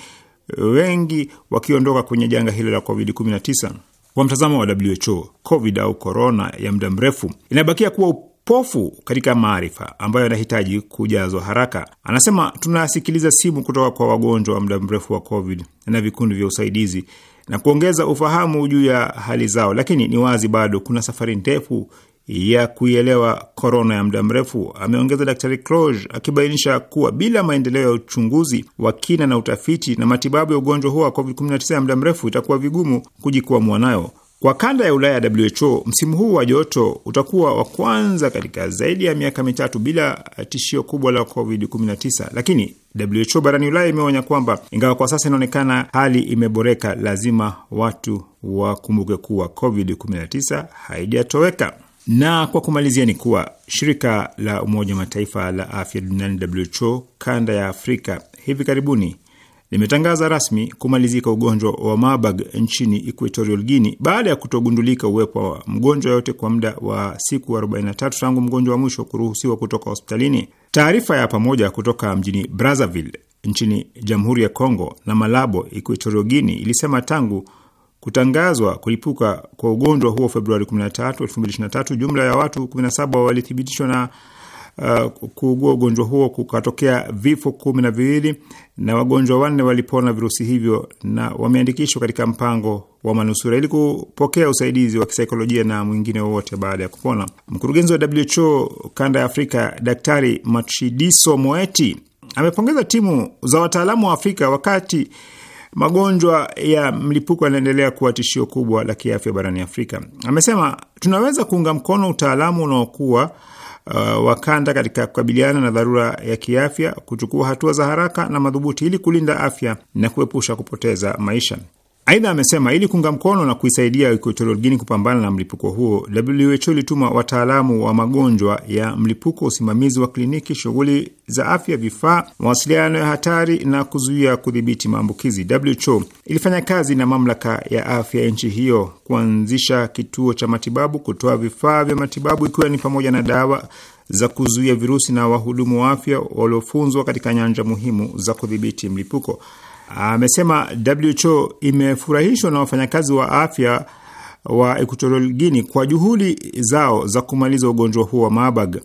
Speaker 6: wengi wakiondoka kwenye janga hilo la COVID-19. Kwa mtazamo wa WHO, COVID au korona ya muda mrefu inabakia kuwa upofu katika maarifa ambayo yanahitaji kujazwa haraka. Anasema, tunasikiliza simu kutoka kwa wagonjwa wa muda mrefu wa COVID na vikundi vya usaidizi na kuongeza ufahamu juu ya hali zao, lakini ni wazi bado kuna safari ndefu ya kuielewa korona ya muda mrefu, ameongeza Daktari Croge akibainisha kuwa bila maendeleo ya uchunguzi wa kina na utafiti na matibabu ya ugonjwa huo wa COVID-19 ya muda mrefu itakuwa vigumu kujikwamua nayo. Kwa kanda ya Ulaya ya WHO, msimu huu wa joto utakuwa wa kwanza katika zaidi ya miaka mitatu bila tishio kubwa la COVID-19, lakini WHO barani Ulaya imeonya kwamba ingawa kwa sasa inaonekana hali imeboreka, lazima watu wakumbuke kuwa COVID-19 haijatoweka. Na kwa kumalizia ni kuwa shirika la Umoja wa Mataifa la afya duniani WHO kanda ya Afrika hivi karibuni limetangaza rasmi kumalizika ugonjwa wa Marburg nchini Equatorial Guinea baada ya kutogundulika uwepo wa mgonjwa yote kwa muda wa siku 43 tangu mgonjwa wa mwisho kuruhusiwa kutoka hospitalini. Taarifa ya pamoja kutoka mjini Brazzaville nchini Jamhuri ya Kongo na Malabo, Equatorial Guinea, ilisema tangu kutangazwa kulipuka kwa ugonjwa huo Februari 13, 2023, jumla ya watu 17 walithibitishwa na uh, kuugua ugonjwa huo, kukatokea vifo kumi na viwili na wagonjwa wanne walipona virusi hivyo na wameandikishwa katika mpango wa manusura ili kupokea usaidizi wa kisaikolojia na mwingine wowote baada ya kupona. Mkurugenzi wa WHO kanda ya Afrika Daktari Matshidiso Moeti amepongeza timu za wataalamu wa Afrika wakati magonjwa ya mlipuko yanaendelea kuwa tishio kubwa la kiafya barani Afrika. Amesema tunaweza kuunga mkono utaalamu unaokuwa uh, wa kanda katika kukabiliana na dharura ya kiafya, kuchukua hatua za haraka na madhubuti ili kulinda afya na kuepusha kupoteza maisha. Aidha amesema ili kuunga mkono na kuisaidia Equatorial Guinea kupambana na mlipuko huo, WHO ilituma wataalamu wa magonjwa ya mlipuko, usimamizi wa kliniki, shughuli za afya, vifaa, mawasiliano ya hatari na kuzuia kudhibiti maambukizi. WHO ilifanya kazi na mamlaka ya afya ya nchi hiyo kuanzisha kituo cha matibabu, kutoa vifaa vya matibabu, ikiwa ni pamoja na dawa za kuzuia virusi na wahudumu wa afya waliofunzwa katika nyanja muhimu za kudhibiti mlipuko amesema WHO imefurahishwa na wafanyakazi wa afya wa Equatorial Guinea kwa juhudi zao za kumaliza ugonjwa huo wa Marburg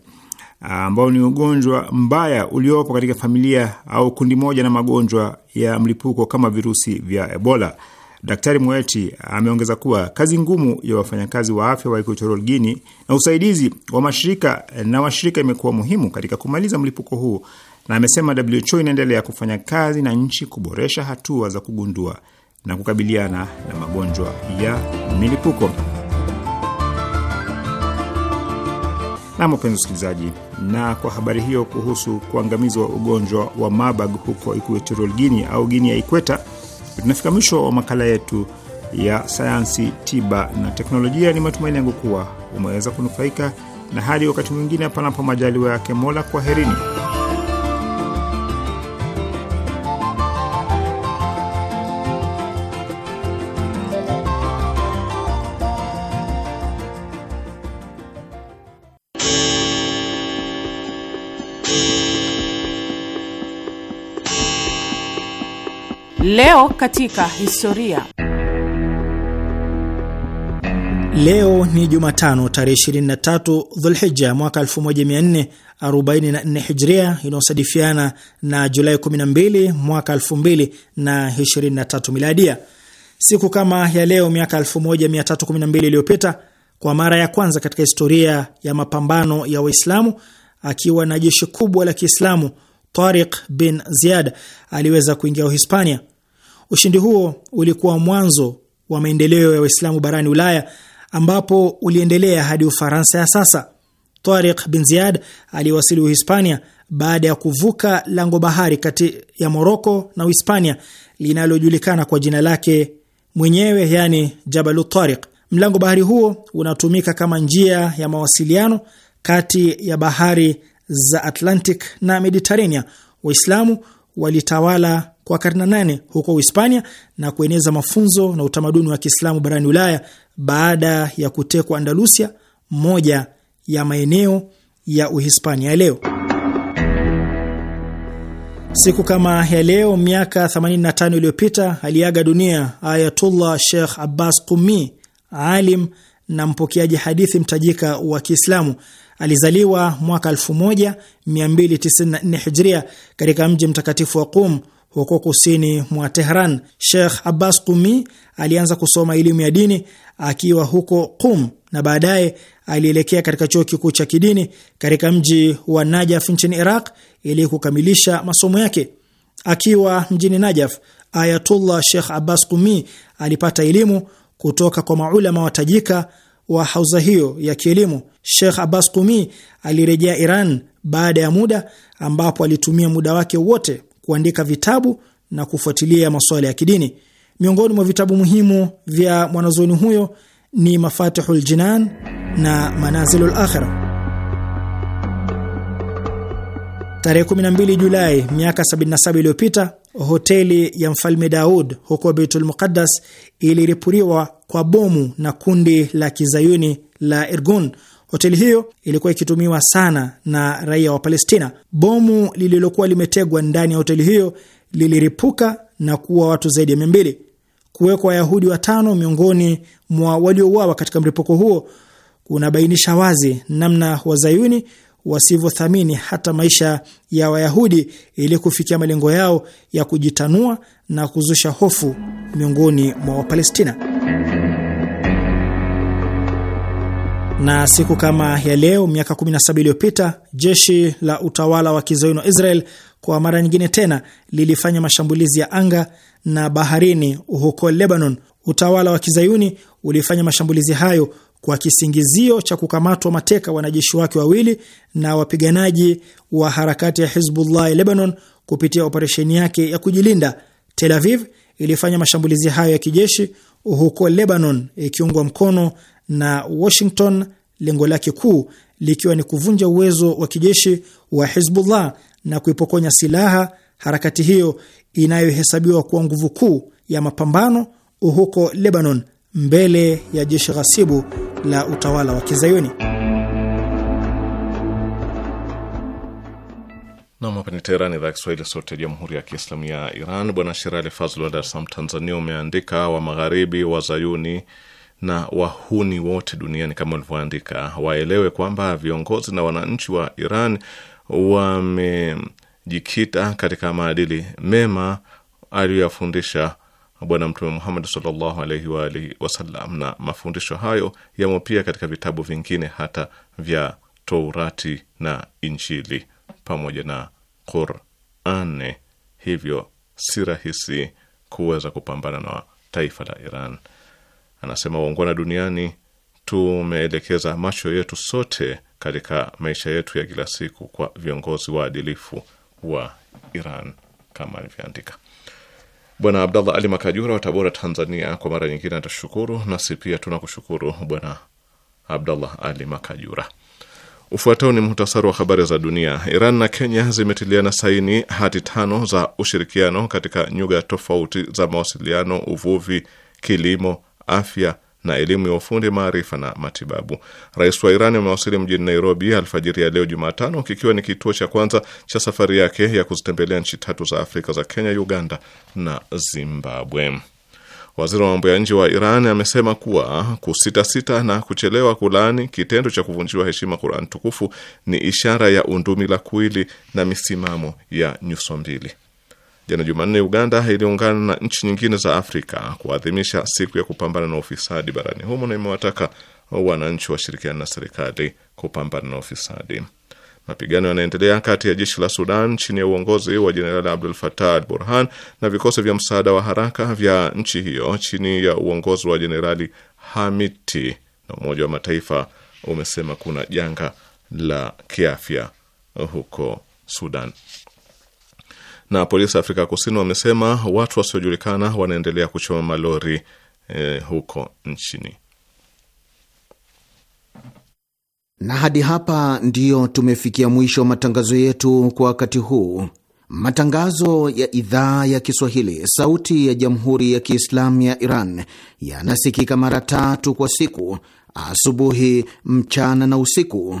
Speaker 6: ambao ni ugonjwa mbaya uliopo katika familia au kundi moja na magonjwa ya mlipuko kama virusi vya Ebola. Daktari mweti ameongeza kuwa kazi ngumu ya wafanyakazi wa afya wa Equatorial Guinea na usaidizi wa mashirika na washirika imekuwa muhimu katika kumaliza mlipuko huu na amesema WHO inaendelea kufanya kazi na nchi kuboresha hatua za kugundua na kukabiliana na magonjwa ya milipuko. Nam, wapenzi usikilizaji, na kwa habari hiyo kuhusu kuangamizwa ugonjwa wa Marburg huko Equatorial Guinea au Guinea ya Ikweta, tunafika mwisho wa makala yetu ya sayansi, tiba na teknolojia. Ni matumaini yangu kuwa umeweza kunufaika, na hadi wakati mwingine, panapo majaliwa yake Mola, kwaherini.
Speaker 1: Leo katika historia.
Speaker 7: Leo ni Jumatano tarehe 23 Dhulhija mwaka 1444 Hijria, inayosadifiana na Julai 12 mwaka 2023 Miladia. Siku kama ya leo miaka 1312 iliyopita, kwa mara ya kwanza katika historia ya mapambano ya Waislamu, akiwa na jeshi kubwa la Kiislamu, Tariq bin Ziyad aliweza kuingia Uhispania. Ushindi huo ulikuwa mwanzo wa maendeleo ya Waislamu barani Ulaya, ambapo uliendelea hadi Ufaransa ya sasa. Tariq bin Ziyad aliwasili Uhispania baada ya kuvuka lango bahari kati ya Moroko na Uhispania linalojulikana kwa jina lake mwenyewe, yani Jabalu Tariq. Mlango bahari huo unatumika kama njia ya mawasiliano kati ya bahari za Atlantic na Mediterania. Waislamu walitawala kwa karne nane huko Uhispania na kueneza mafunzo na utamaduni wa Kiislamu barani Ulaya baada ya kutekwa Andalusia, moja ya maeneo ya Uhispania leo. Siku kama ya leo miaka 85 iliyopita aliaga dunia Ayatullah Sheikh Abbas Qumi, alim na mpokeaji hadithi mtajika wa Kiislamu. Alizaliwa mwaka 1294 Hijria katika mji mtakatifu wa Qum huko kusini mwa Tehran. Sheikh Abbas Qumi alianza kusoma elimu ya dini akiwa huko Qum na baadaye alielekea katika chuo kikuu cha kidini katika mji wa Najaf nchini Iraq ili kukamilisha masomo yake. Akiwa mjini Najaf, Ayatullah Sheikh Abbas Qumi alipata elimu kutoka kwa maulama watajika wa hauza hiyo ya kielimu. Sheikh Abbas Qumi alirejea Iran baada ya muda, ambapo alitumia muda wake wote kuandika vitabu na kufuatilia masuala ya kidini. Miongoni mwa vitabu muhimu vya mwanazuoni huyo ni Mafatihul Jinan na Manazilul Akhira. Tarehe 12 Julai miaka 77 iliyopita, hoteli ya mfalme Daud huko Beitul Muqaddas iliripuriwa kwa bomu na kundi la kizayuni la Irgun. Hoteli hiyo ilikuwa ikitumiwa sana na raia wa Palestina. Bomu lililokuwa limetegwa ndani ya hoteli hiyo liliripuka na kuua watu zaidi ya mia mbili. Kuwekwa Wayahudi watano miongoni mwa waliouawa katika mlipuko huo kunabainisha wazi namna wazayuni wasivyothamini hata maisha ya Wayahudi ili kufikia malengo yao ya kujitanua na kuzusha hofu miongoni mwa Wapalestina na siku kama ya leo miaka 17 iliyopita jeshi la utawala wa kizayuni wa Israel kwa mara nyingine tena lilifanya mashambulizi ya anga na baharini huko Lebanon. Utawala wa kizayuni ulifanya mashambulizi hayo kwa kisingizio cha kukamatwa mateka wanajeshi wake wawili na wapiganaji wa harakati ya Hizbullah Lebanon kupitia operesheni yake ya kujilinda. Tel Aviv ilifanya mashambulizi hayo ya kijeshi huko Lebanon ikiungwa mkono na Washington, lengo lake kuu likiwa ni kuvunja uwezo wa kijeshi wa Hizbullah na kuipokonya silaha harakati hiyo inayohesabiwa kuwa nguvu kuu ya mapambano huko Lebanon mbele ya jeshi ghasibu la utawala wa Kizayuni.
Speaker 3: Nam, hapa ni Teherani, idhaa ya Kiswahili, sauti ya jamhuri ya kiislamu ya Iran. Bwana Shirali Fazl wa Dar es Salaam, Tanzania, umeandika wa magharibi wa Zayuni na wahuni wote duniani kama walivyoandika, waelewe kwamba viongozi na wananchi wa Iran wamejikita katika maadili mema aliyoyafundisha Bwana Mtume Muhammad sallallahu alaihi wa alihi wasallam, na mafundisho hayo yamo pia katika vitabu vingine hata vya Taurati na Injili pamoja na Qur'ani. Hivyo si rahisi kuweza kupambana na taifa la Iran. Anasema uungwana duniani tumeelekeza macho yetu sote katika maisha yetu ya kila siku kwa viongozi waadilifu wa Iran, kama alivyoandika Bwana Abdallah Ali Makajura wa Tabora, Tanzania. Kwa mara nyingine atashukuru, nasi pia tunakushukuru Bwana Abdallah Ali Makajura. Ufuatao ni muhtasari wa habari za dunia. Iran na Kenya zimetiliana saini hati tano za ushirikiano katika nyuga tofauti za mawasiliano, uvuvi, kilimo afya na elimu ya ufundi, maarifa na matibabu. Rais wa Iran amewasili mjini Nairobi alfajiri ya leo Jumatano, kikiwa ni kituo cha kwanza cha safari yake ya kuzitembelea nchi tatu za Afrika za Kenya, Uganda na Zimbabwe. Waziri wa mambo ya nje wa Iran amesema kuwa kusitasita na kuchelewa kulaani kitendo cha kuvunjiwa heshima Qur'an tukufu ni ishara ya undumi la kuili na misimamo ya nyuso mbili. Jana Jumanne, Uganda iliungana na nchi nyingine za Afrika kuadhimisha siku ya kupambana na ufisadi barani humo na imewataka wananchi washirikiana na serikali kupambana na ufisadi. Mapigano yanaendelea kati ya jeshi la Sudan chini ya uongozi wa Jenerali Abdul Fatah al Burhan na vikosi vya msaada wa haraka vya nchi hiyo chini ya uongozi wa Jenerali Hamiti, na Umoja wa Mataifa umesema kuna janga la kiafya huko Sudan. Na polisi Afrika Kusini wamesema watu wasiojulikana wanaendelea kuchoma malori eh, huko nchini.
Speaker 8: Na hadi hapa ndiyo tumefikia mwisho wa matangazo yetu kwa wakati huu. Matangazo ya idhaa ya Kiswahili sauti ya jamhuri ya Kiislamu ya Iran yanasikika mara tatu kwa siku: asubuhi, mchana na usiku.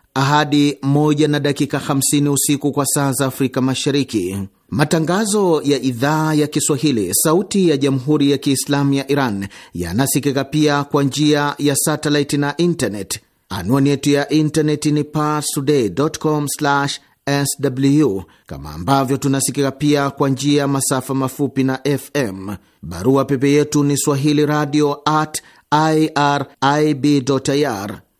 Speaker 8: ahadi moja na dakika 50 usiku kwa saa za Afrika Mashariki. Matangazo ya idhaa ya Kiswahili sauti ya Jamhuri ya Kiislamu ya Iran yanasikika pia kwa njia ya satellite na internet. Anwani yetu ya internet ni parstoday.com/sw, kama ambavyo tunasikika pia kwa njia ya masafa mafupi na FM. Barua pepe yetu ni swahili radio at irib.ir